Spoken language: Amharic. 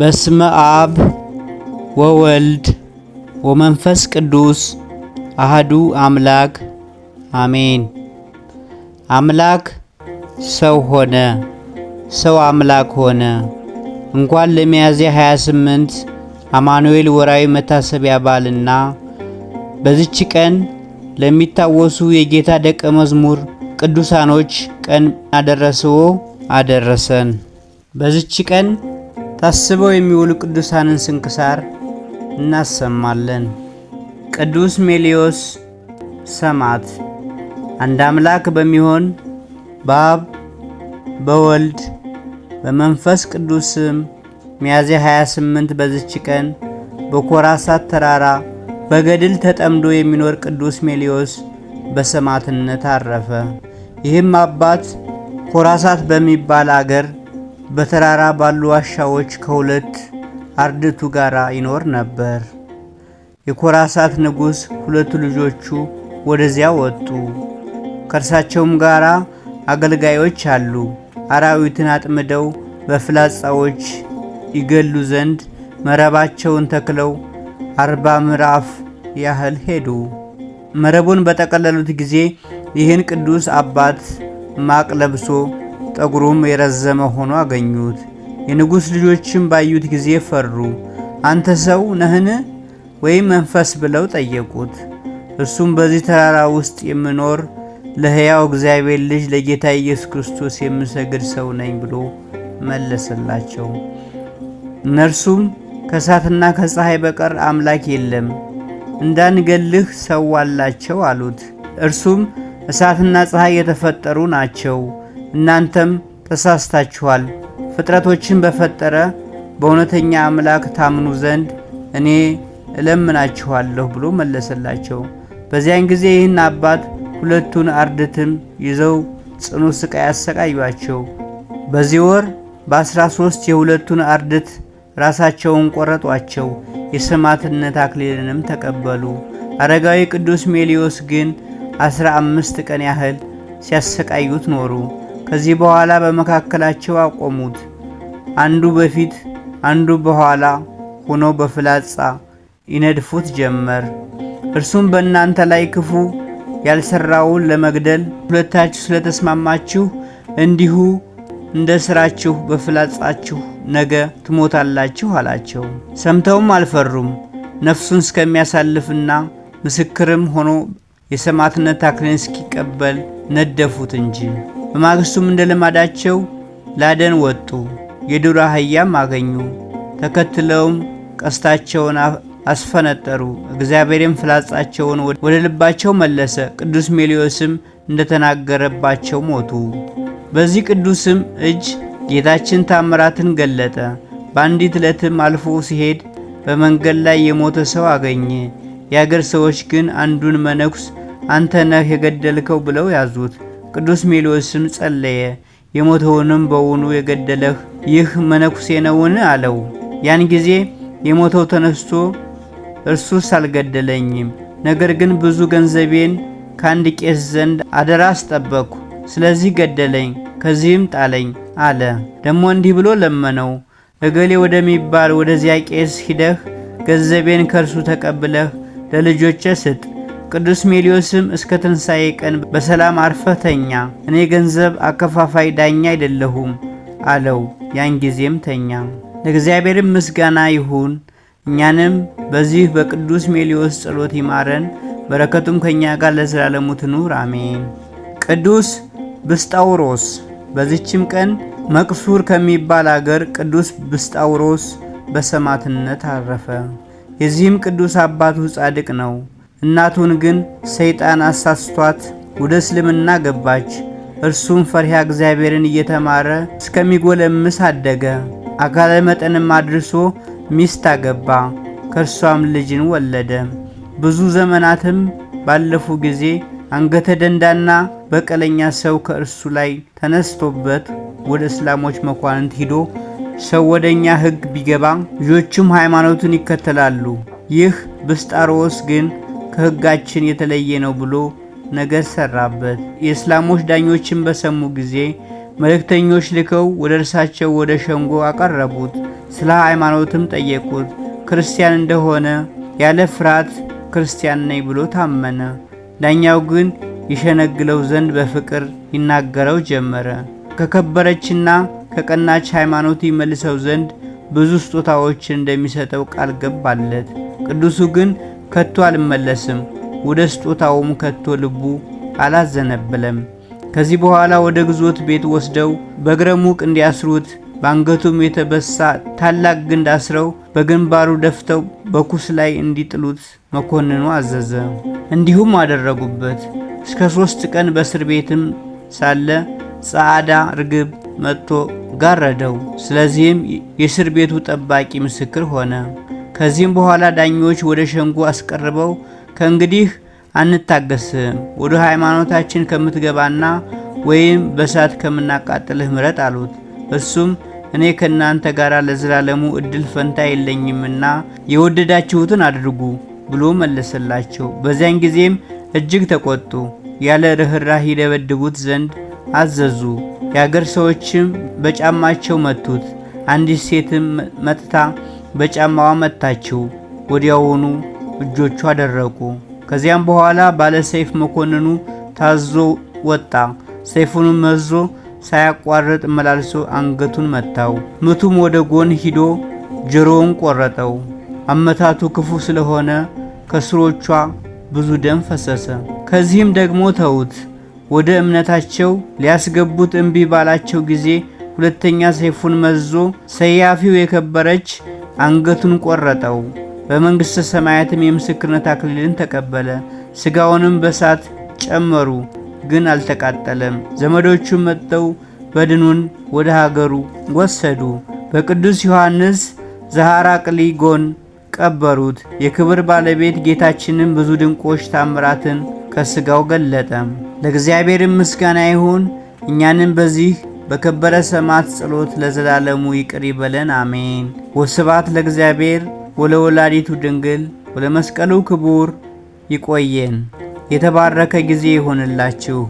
በስመ አብ ወወልድ ወመንፈስ ቅዱስ አህዱ አምላክ አሜን። አምላክ ሰው ሆነ፣ ሰው አምላክ ሆነ። እንኳን ለሚያዝያ 28 አማኑኤል ወራዊ መታሰቢያ በዓልና በዚች ቀን ለሚታወሱ የጌታ ደቀ መዝሙር ቅዱሳኖች ቀን አደረሰዎ አደረሰን። በዚች ቀን ታስበው የሚውሉ ቅዱሳንን ስንክሳር እናሰማለን። ቅዱስ ሜሊዮስ ሰማዕት። አንድ አምላክ በሚሆን በአብ በወልድ በመንፈስ ቅዱስ ስም ሚያዝያ 28 በዝች ቀን በኮራሳት ተራራ በገድል ተጠምዶ የሚኖር ቅዱስ ሜሊዮስ በሰማዕትነት አረፈ። ይህም አባት ኮራሳት በሚባል አገር በተራራ ባሉ ዋሻዎች ከሁለት አርድቱ ጋር ይኖር ነበር። የኮራሳት ንጉሥ ሁለቱ ልጆቹ ወደዚያ ወጡ። ከእርሳቸውም ጋር አገልጋዮች አሉ። አራዊትን አጥምደው በፍላጻዎች ይገሉ ዘንድ መረባቸውን ተክለው አርባ ምዕራፍ ያህል ሄዱ። መረቡን በጠቀለሉት ጊዜ ይህን ቅዱስ አባት ማቅ ለብሶ ጠጉሩም የረዘመ ሆኖ አገኙት። የንጉሥ ልጆችም ባዩት ጊዜ ፈሩ። አንተ ሰው ነህን ወይም መንፈስ ብለው ጠየቁት። እርሱም በዚህ ተራራ ውስጥ የምኖር ለሕያው እግዚአብሔር ልጅ ለጌታ ኢየሱስ ክርስቶስ የምሰግድ ሰው ነኝ ብሎ መለሰላቸው። እነርሱም ከእሳትና ከፀሐይ በቀር አምላክ የለም እንዳንገልህ ሰው አላቸው አሉት። እርሱም እሳትና ፀሐይ የተፈጠሩ ናቸው እናንተም ተሳስታችኋል። ፍጥረቶችን በፈጠረ በእውነተኛ አምላክ ታምኑ ዘንድ እኔ እለምናችኋለሁ ብሎ መለሰላቸው። በዚያን ጊዜ ይህን አባት ሁለቱን አርድትም ይዘው ጽኑ ስቃይ አሰቃዩአቸው። በዚህ ወር በአስራ ሶስት የሁለቱን አርድት ራሳቸውን ቆረጧቸው። የሰማዕትነት አክሊልንም ተቀበሉ። አረጋዊ ቅዱስ ሜሊዮስ ግን አስራ አምስት ቀን ያህል ሲያሰቃዩት ኖሩ። ከዚህ በኋላ በመካከላቸው አቆሙት። አንዱ በፊት አንዱ በኋላ ሆነው በፍላጻ ይነድፉት ጀመር። እርሱም በእናንተ ላይ ክፉ ያልሰራውን ለመግደል ሁለታችሁ ስለተስማማችሁ እንዲሁ እንደ ስራችሁ በፍላጻችሁ ነገ ትሞታላችሁ አላቸው። ሰምተውም አልፈሩም። ነፍሱን እስከሚያሳልፍና ምስክርም ሆኖ የሰማዕትነት አክሊልን እስኪቀበል ነደፉት እንጂ በማግስቱም እንደ ልማዳቸው ላደን ወጡ። የዱር አህያም አገኙ። ተከትለውም ቀስታቸውን አስፈነጠሩ። እግዚአብሔርም ፍላጻቸውን ወደ ልባቸው መለሰ። ቅዱስ ሜሊዮስም እንደተናገረባቸው ሞቱ። በዚህ ቅዱስም እጅ ጌታችን ታምራትን ገለጠ። በአንዲት ዕለትም አልፎ ሲሄድ በመንገድ ላይ የሞተ ሰው አገኘ። የአገር ሰዎች ግን አንዱን መነኩስ አንተ ነህ የገደልከው ብለው ያዙት። ቅዱስ ሜልዮስም ጸለየ። የሞተውንም በውኑ የገደለህ ይህ መነኩሴ ነውን? አለው። ያን ጊዜ የሞተው ተነስቶ እርሱስ አልገደለኝም፣ ነገር ግን ብዙ ገንዘቤን ከአንድ ቄስ ዘንድ አደራ አስጠበቅኩ፣ ስለዚህ ገደለኝ፣ ከዚህም ጣለኝ አለ። ደግሞ እንዲህ ብሎ ለመነው፣ እገሌ ወደሚባል ወደዚያ ቄስ ሂደህ ገንዘቤን ከእርሱ ተቀብለህ ለልጆቼ ስጥ ቅዱስ ሜሊዮስም እስከ ትንሣኤ ቀን በሰላም አርፈተኛ ተኛ፣ እኔ ገንዘብ አከፋፋይ ዳኛ አይደለሁም አለው። ያን ጊዜም ተኛ። ለእግዚአብሔርም ምስጋና ይሁን፣ እኛንም በዚህ በቅዱስ ሜሊዮስ ጸሎት ይማረን፣ በረከቱም ከእኛ ጋር ለዘላለሙ ትኑር አሜን። ቅዱስ ብስጣውሮስ በዚችም ቀን መቅሱር ከሚባል አገር ቅዱስ ብስጣውሮስ በሰማዕትነት አረፈ። የዚህም ቅዱስ አባቱ ጻድቅ ነው። እናቱን ግን ሰይጣን አሳስቷት ወደ እስልምና ገባች። እርሱም ፈሪሃ እግዚአብሔርን እየተማረ እስከሚጎለምስ አደገ። አካለ መጠንም አድርሶ ሚስት አገባ። ከእርሷም ልጅን ወለደ። ብዙ ዘመናትም ባለፉ ጊዜ አንገተ ደንዳና በቀለኛ ሰው ከእርሱ ላይ ተነስቶበት ወደ እስላሞች መኳንንት ሂዶ ሰው ወደኛ ሕግ ቢገባ ልጆቹም ሃይማኖትን ይከተላሉ። ይህ ብስጣሮስ ግን ከሕጋችን የተለየ ነው ብሎ ነገር ሰራበት። የእስላሞች ዳኞችን በሰሙ ጊዜ መልእክተኞች ልከው ወደ እርሳቸው ወደ ሸንጎ አቀረቡት። ስለ ሃይማኖትም ጠየቁት። ክርስቲያን እንደሆነ ያለ ፍርሃት ክርስቲያን ነኝ ብሎ ታመነ። ዳኛው ግን ይሸነግለው ዘንድ በፍቅር ይናገረው ጀመረ። ከከበረችና ከቀናች ሃይማኖት ይመልሰው ዘንድ ብዙ ስጦታዎችን እንደሚሰጠው ቃል ገባለት። ቅዱሱ ግን ከቶ አልመለስም። ወደ ስጦታውም ከቶ ልቡ አላዘነበለም። ከዚህ በኋላ ወደ ግዞት ቤት ወስደው በእግረ ሙቅ እንዲያስሩት በአንገቱም የተበሳ ታላቅ ግንድ አስረው በግንባሩ ደፍተው በኩስ ላይ እንዲጥሉት መኮንኑ አዘዘ። እንዲሁም አደረጉበት። እስከ ሦስት ቀን በእስር ቤትም ሳለ ጻዕዳ ርግብ መጥቶ ጋረደው። ስለዚህም የእስር ቤቱ ጠባቂ ምስክር ሆነ። ከዚህም በኋላ ዳኞች ወደ ሸንጎ አስቀርበው ከእንግዲህ አንታገስም ወደ ሃይማኖታችን ከምትገባና ወይም በእሳት ከምናቃጥልህ ምረጥ አሉት። እሱም እኔ ከእናንተ ጋር ለዘላለሙ እድል ፈንታ የለኝምና የወደዳችሁትን አድርጉ ብሎ መለሰላቸው። በዚያን ጊዜም እጅግ ተቆጡ፣ ያለ ርኅራህ ይደበድቡት ዘንድ አዘዙ። የአገር ሰዎችም በጫማቸው መቱት። አንዲት ሴትም መጥታ በጫማዋ መታችው። ወዲያውኑ እጆቹ አደረቁ። ከዚያም በኋላ ባለሰይፍ መኮንኑ ታዞ ወጣ። ሰይፉን መዞ ሳያቋርጥ መላልሶ አንገቱን መታው። ምቱም ወደ ጎን ሂዶ ጆሮውን ቆረጠው። አመታቱ ክፉ ስለሆነ ከስሮቿ ብዙ ደም ፈሰሰ። ከዚህም ደግሞ ተዉት ወደ እምነታቸው ሊያስገቡት እምቢ ባላቸው ጊዜ ሁለተኛ ሰይፉን መዞ ሰያፊው የከበረች አንገቱን ቆረጠው። በመንግሥተ ሰማያትም የምስክርነት አክሊልን ተቀበለ። ሥጋውንም በእሳት ጨመሩ፣ ግን አልተቃጠለም። ዘመዶቹም መጥተው በድኑን ወደ ሀገሩ ወሰዱ። በቅዱስ ዮሐንስ ቅሊ ጎን ቀበሩት። የክብር ባለቤት ጌታችንም ብዙ ድንቆች ታምራትን ከሥጋው ገለጠ። ለእግዚአብሔር ምስጋና ይሁን እኛንም በዚህ በከበረ ሰማዕት ጸሎት ለዘላለሙ ይቅር ይበለን፣ አሜን። ወስባት ለእግዚአብሔር ወለወላዲቱ ድንግል ወለመስቀሉ ክቡር። ይቆየን። የተባረከ ጊዜ ይሆንላችሁ።